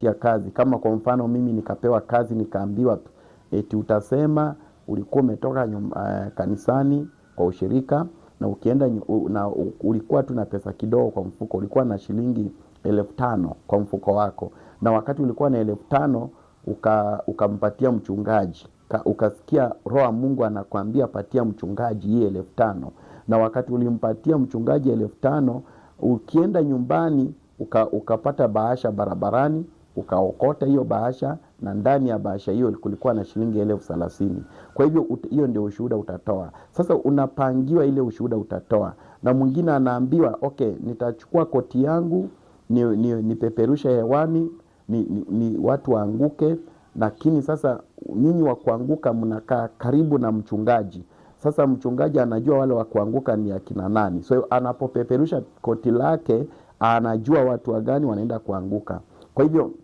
ya kazi. Kama kwa mfano mimi nikapewa kazi nikaambiwa eti utasema ulikuwa umetoka uh, kanisani kwa ushirika na ukienda na ulikuwa tu na pesa kidogo kwa mfuko, ulikuwa na shilingi elfu tano kwa mfuko wako, na wakati ulikuwa na elfu tano uka, ukampatia mchungaji ka, ukasikia roho Mungu anakwambia patia mchungaji hii elfu tano na wakati ulimpatia mchungaji elfu tano ukienda nyumbani uka, ukapata bahasha barabarani ukaokota hiyo bahasha, na ndani ya bahasha hiyo kulikuwa na shilingi elfu thelathini. Kwa hivyo hiyo ndio ushuhuda utatoa. Sasa unapangiwa ile ushuhuda utatoa, na mwingine anaambiwa okay, nitachukua koti yangu nipeperushe ni, ni hewani ni, ni, ni watu waanguke, lakini sasa nyinyi wa kuanguka mnakaa karibu na mchungaji. Sasa mchungaji anajua wale wa kuanguka ni akina nani, so anapopeperusha koti lake anajua watu wagani wanaenda kuanguka. Kwa hivyo